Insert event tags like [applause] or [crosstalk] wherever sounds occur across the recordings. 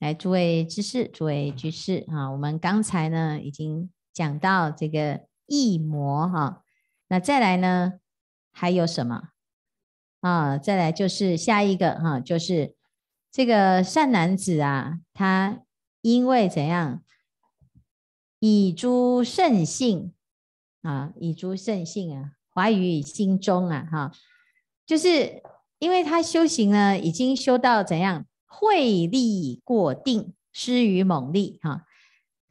來，諸位知識，諸位居士啊，我們剛才呢已經講到這個異魔哈、啊，那再來呢還有什麼啊？再來就是下一個哈、啊，就是這個善男子啊，他因為怎樣，以諸聖性啊，以諸聖性啊，懷於心中啊，哈、啊，就是因為他修行呢，已經修到怎樣？慧力過定，失於猛利。哈，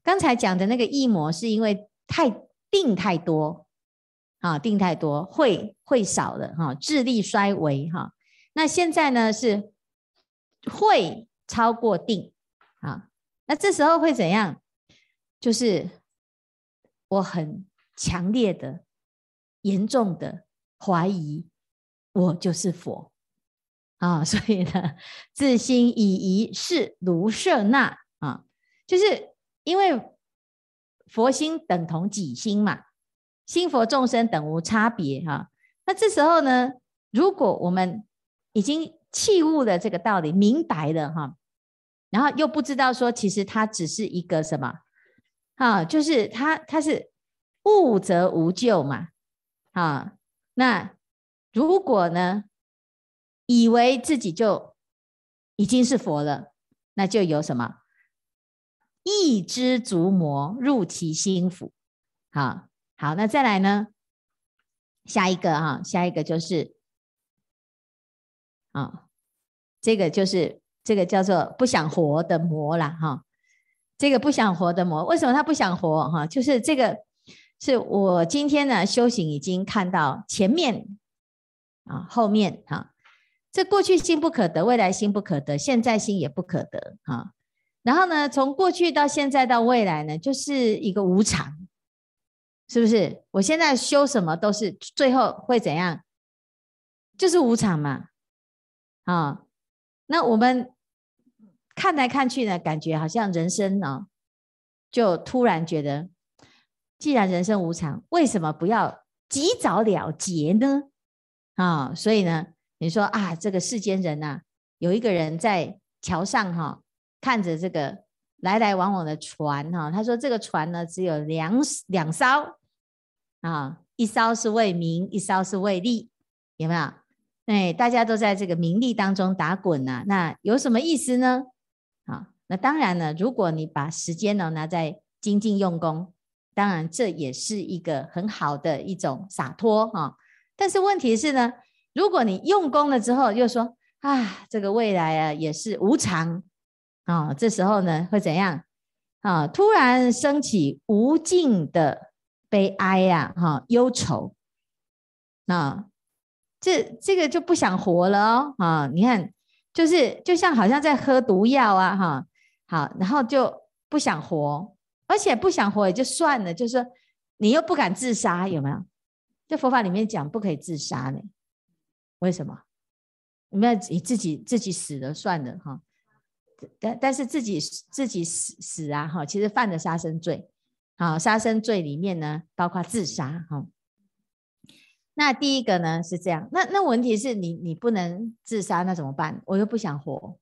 剛才講的那個一魔，是因為太定太多，啊，定太多，慧會少了，哈，智力衰微，哈。那現在呢，是慧超過定，啊，那這時候會怎樣？就是我很強烈的、嚴重的懷疑，我就是佛。啊、哦，所以呢，自心已疑是盧舍那啊、哦，就是因為佛心等同己心嘛，心佛眾生等無差別哈、哦。那這時候呢，如果我們已經契悟了這個道理明白了哈、哦，然後又不知道說其實它只是一個什麼啊、哦，就是它它是悟則無咎嘛啊、哦。那如果呢？以為自己就已經是佛了，那就有什麼？一知足魔入其心腑。好好，那再來呢？下一個哈、啊，下一個就是啊，這個就是這個叫做不想活的魔了哈、啊。這個不想活的魔，為什麼他不想活哈、啊？就是這個是我今天呢修行，已經看到前面啊，後面、啊這過去心不可得，未來心不可得，現在心也不可得、哦、然後呢，從過去到現在到未來呢，就是一個無常，是不是？我現在修什麼都是，最後會怎樣？就是無常嘛。啊、哦，那我們看來看去呢，感覺好像人生呢、哦、就突然覺得，既然人生無常，為什麼不要及早了結呢？啊、哦，所以呢，你說啊，這個世間人吶、啊，有一個人在橋上哈、哦，看着這個來來往往的船哈、哦，他說這個船呢只有兩兩艘啊，一艘是為名，一艘是為利，有沒有？哎，大家都在這個名利當中打滾吶、啊，那有什麼意思呢？啊，那當然呢，如果你把時間呢拿在精進用功，當然這也是一個很好的一種灑脫啊，但是問題是呢，如果你用功了之後，又說啊，這個未來啊也是無常啊，這時候呢會怎樣啊？突然升起無盡的悲哀呀、啊，哈、啊，憂愁，啊，這這個就不想活了哦，啊，你看，就是就像好像在喝毒藥啊，哈、啊，好，然後就不想活，而且不想活也就算了，就是說你又不敢自殺，有沒有？在佛法裡面講不可以自殺呢。為什麼？你們你自己自己死了算了哈。但但是自己自己死死啊哈，其實犯了殺生罪。好，殺生罪裡面呢，包括自殺哈。那第一個呢是這樣。那那問題是你你不能自殺，那怎麼辦？我又不想活，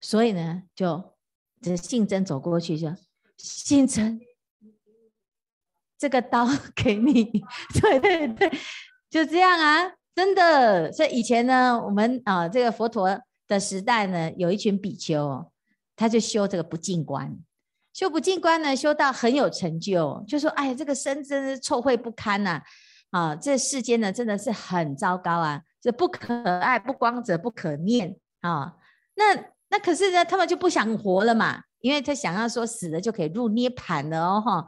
所以呢，就信真走過去就信真，這個刀給你，對對對，就這樣啊。真的，所以以前呢，我們啊，這個佛陀的時代呢，有一群比丘，他就修這個不淨觀，修不淨觀呢，修到很有成就，就說：哎，這個身真是臭穢不堪吶！啊，這世間呢，真的是很糟糕啊，這不可愛、不光澤、不可念啊。那那可是呢，他們就不想活了嘛，因為他想要說死了就可以入涅槃了哦哈。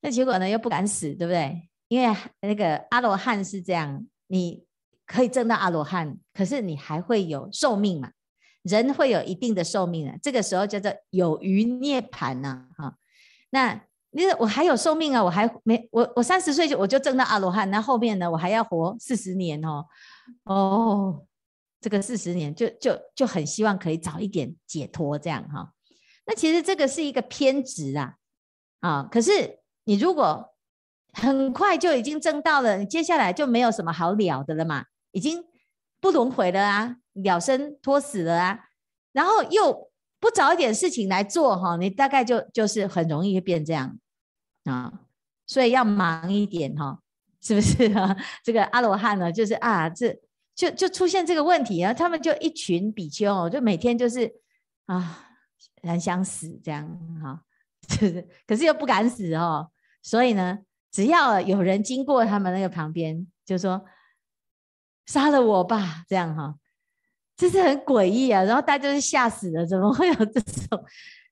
那結果呢，又不敢死，對不對？因為那個阿羅漢是這樣。你可以證到阿羅漢，可是你還會有壽命嘛？人會有一定的壽命啊。這個時候叫做有餘涅槃吶、啊，哈、啊。那你說我還有壽命啊？我還沒我我三十歲就我就證到阿羅漢，那後，後面呢？我還要活四十年哦。哦，這個四十年就就就很希望可以早一點解脫這樣哈、啊。那其實這個是一個偏執啊，啊。可是你如果很快就已經證到了，接下來就沒有什麼好了的了嘛？已經不輪迴了啊，了生脫死了啊，然後又不找一點事情來做哈、哦，你大概就就是很容易會變這樣啊，所以要忙一點哈、哦，是不是啊？這個阿羅漢呢，就是啊，這就就出現這個問題啊，他們就一群比丘、哦、就每天就是啊，很想死這樣哈，就、啊、是，是可是又不敢死哦，所以呢。只要有人經過他們那個旁邊，就說殺了我吧，這樣哈，這是很詭異啊。然後大家就是嚇死了，怎麼會有這種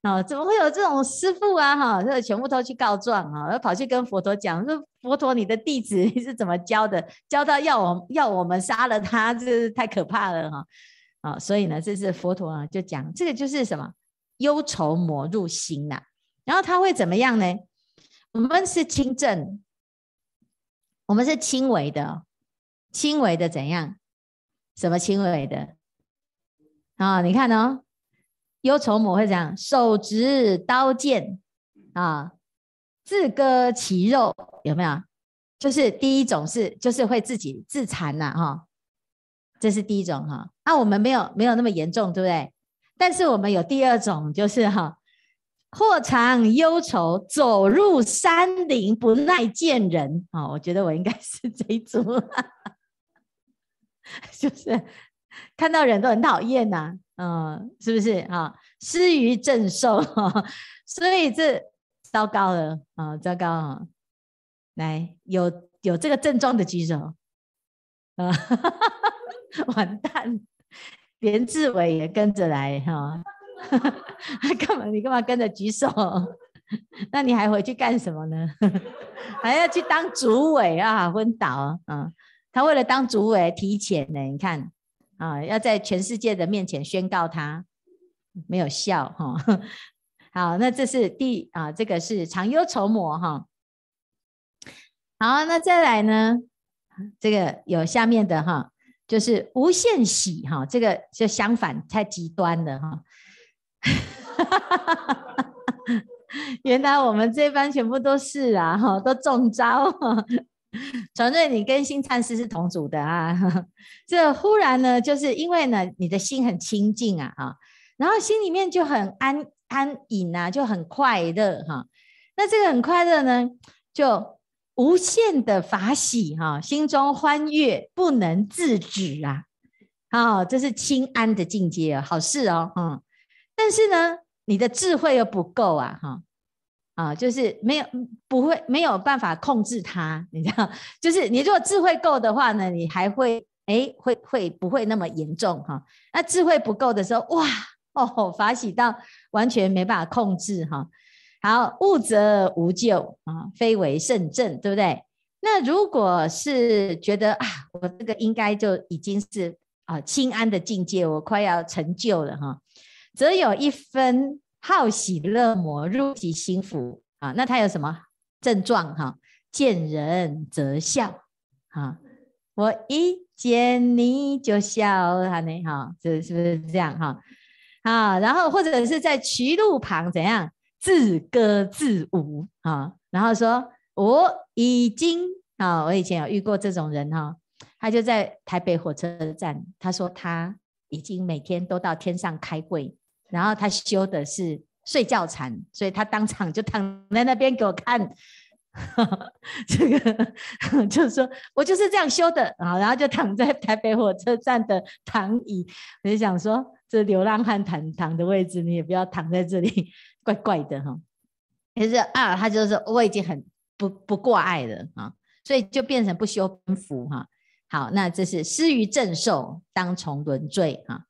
啊？怎麼會有這種師父啊？哈，這全部都去告狀啊，然後跑去跟佛陀講說：佛陀，你的弟子你是怎麼教的？教到要我要我們殺了他，這是太可怕了哈！所以呢，這是佛陀啊，就講這個就是什麼憂愁魔入心吶、啊。然後他會怎麼樣呢？我們是輕症，我們是輕微的，輕微的怎樣？什麼輕微的？啊、哦，你看呢、哦？憂愁魔會講，手執刀劍啊、哦，自割其肉，有沒有？就是第一種是，就是會自己自殘吶、啊，哈、哦，這是第一種哈。那、哦啊、我們沒有沒有那麼嚴重，對不對？但是我們有第二種，就是哈。哦或常憂愁，走入山林，不耐見人。Oh, 我覺得我應該是這一組， [laughs] 就是看到人都很討厭吶。嗯、uh,，是不是啊？Uh, 失於正受 [laughs] 所以這糟糕了啊，uh, 糟糕啊、uh,！來，有有這個症狀的舉手。啊、uh, [laughs] 完蛋，連志偉也跟着來哈。Uh, 幹嘛？你幹嘛跟着舉手？那你還回去幹什麼呢？還要去當主委啊？昏倒！啊，他為了當主委提前呢。你看啊，要在全世界的面前宣告他沒有笑哈、啊。好，那這是第啊，這個是常憂愁魔哈。好，那再來呢？這個有下面的哈、啊，就是無限喜哈、啊。這個就相反，太極端了。哈、啊。哈， [laughs] 原來我們這一班全部都是啊，哈，都中招。傳瑞，你跟新燦師是同組的啊。 [laughs] 這忽然呢，就是因為呢，你的心很清靜啊，然後心裡面就很安安隱吶、啊，就很快樂哈、啊。那這個很快樂呢，就無限的法喜哈，心中歡悅不能自止啊。好，這是輕安的境界啊，好事哦，但是呢，你的智慧又不夠啊，哈，啊，就是沒有不會沒有辦法控制它，你知道，就是你如果智慧夠的話呢，你還會誒，會會不會那麼嚴重哈？那智慧不夠的時候，哇哦，法喜到完全沒辦法控制哈。好，悟則無咎啊，非為聖證，對不對？那如果是覺得啊，我這個應該就已經是啊輕安的境界，我快要成就了哈。則有一分好喜樂魔入其心腑啊，那他有什麼症狀哈？見人則笑啊，我一見你就笑，哈，哈，這是不是這樣哈？啊，然後或者是在衢路旁怎樣自歌自舞啊？然後說我已經啊，我以前有遇過這種人哈，他就在台北火車站，他說他已經每天都到天上開會。然後他修的是睡覺禪，所以他當場就躺在那邊給我看，呵呵，這個就是說，我就是這樣修的啊，然後就躺在台北火車站的躺椅，我就想說，這流浪漢躺躺的位置，你也不要躺在這裡，怪怪的哈、哦。其實啊，他就是我已經很不不掛礙了啊、哦，所以就變成不修邊幅哈、哦。好，那這是失於正受，當從淪墜、哦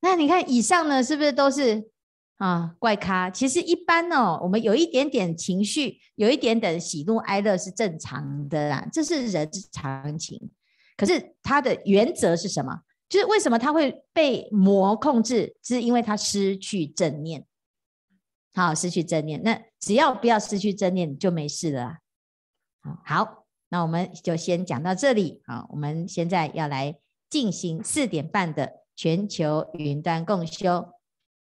那你看，以上呢，是不是都是啊怪咖？其實一般哦，我們有一點點情緒，有一點點喜怒哀樂是正常的啦，這是人之常情。可是它的原則是什麼？就是為什麼它會被魔控制？是因為它失去正念。好、啊，失去正念。那只要不要失去正念，就沒事了。好，那我們就先講到這裡。好，我們現在要來進行四點半的。全球雲端共修。